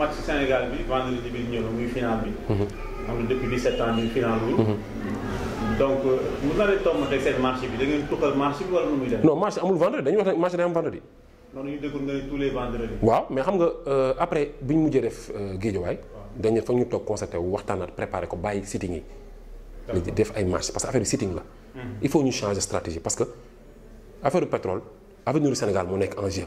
match Sénégal bi vendredi bi ñëw muy final bi. Mhm. am na depuis 17 ans muy final bi. Mhm. donc bu nar a tombanteeg seen marché bi da ngeen tukal marché bi wala nu muy def. non marché amul vendredi dañu wax marché day am vendredi. non ñu déggoon nga tous les vendredis. waaw mais xam nga euh, après bi mujjé mujjee def euh, géejawaay. dañu fa ñu toog constaté wu waxtaanaat préparé ko bàyyi sitting yi. d' def ay marché parce que affaire sitting la. Mhm. il faut ñu changer stratégie parce que affaire du pétrole avenir du Sénégal mo nek en jeu.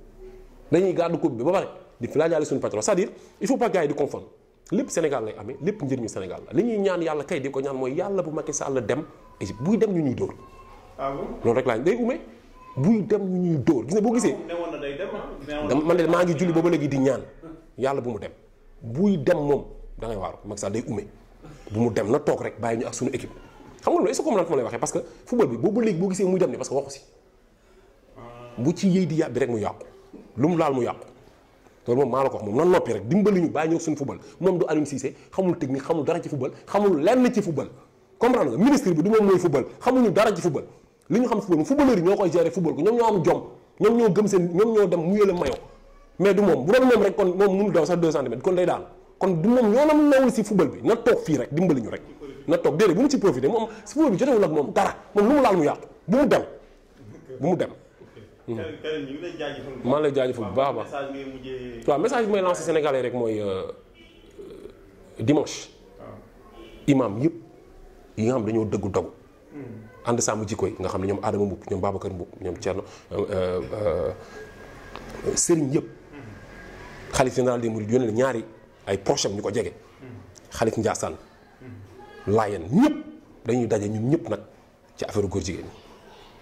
dañuy gàddu coupe bi ba pare di flagellé suñu patron c'est-à-dire il faut pas gars yi di confondre lépp Sénégal lay amee lépp njëriñu Sénégal la li ñuy ñaan yàlla kay di ko ñaan mooy yàlla bu Macky Sall dem Égypte buy dem ñu ñuy dóor. ah bon loolu rek laa day ume buy dem ñu ñuy dóor gis nga boo gisee. newoon na day dem ah. man de maa ngi julli ba ba léegi di ñaan yàlla bu mu dem buy dem moom da ngay waaru Macky Sall day ume bu mu dem na toog rek bàyyi ñu ak suñu équipe xam nga loolu est ce que comprendre fu lay waxee parce que football bi boobu léegi boo gisee muy dem ni parce que waxu si ah. bu ci yëy di yàbbi rek mu yàqu lu mu laal mu yàqu loolu moom maa la ko wax moom nan noppi rek dimbali ñu bàyyi ñëw suñu football moom du Aliou Cissé xamul technique xamul dara ci football xamul lenn ci football comprendre nga ministre bi du moom mooy football xamuñu dara ci football li ñu xam football mu footballeur ko ñoom ñoo am jom ñoom ñoo gëm seen ñoom ñoo dem muyee la rek kon moom rek dimbali ñu rek bu mu ci profité moom si football bi jotewul ak moom mu yàqu bu mu dem bu mu dem Mhm. Karim lay jaajëfal. maa ngi bu baax a baax waaw message bi may lancé Sénégalais rek mooy euh, dimanche. imam yëpp yi nga xam dañoo dëgg dogu. Hmm. ànd sàmm jikko yi nga xam ne ñoom Adama Mboup ñoom Babacar Mboup ñoom xalis euh, euh, sëriñ yëpp. xalif hmm. général des mourides yónnee ñaari ay proches ñu ko jege. xalif hmm. Ndiassane. Layen ñëpp dañuy daje ñun ñëpp nag ci affaire góor jigéen ñi.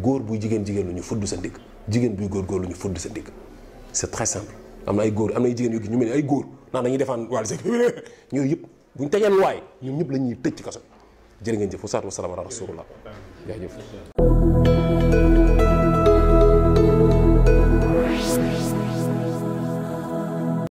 goor buy jigéen jigéen lu ñu fudd sa ndigg jigéen buy góor góor lu ñu fudd sa ndigg c'est très simple am na ay góor am na ay jigéen yu ñu mel ni ay góor naan dañuy defaan wàllu sëñ ñooyu yëpp buñ tegeen waay ñoom ñëpp la ñuy tëj ci kaso jërë ngeen jëf wa salaatu wa salaam ala rasulullah jaajëf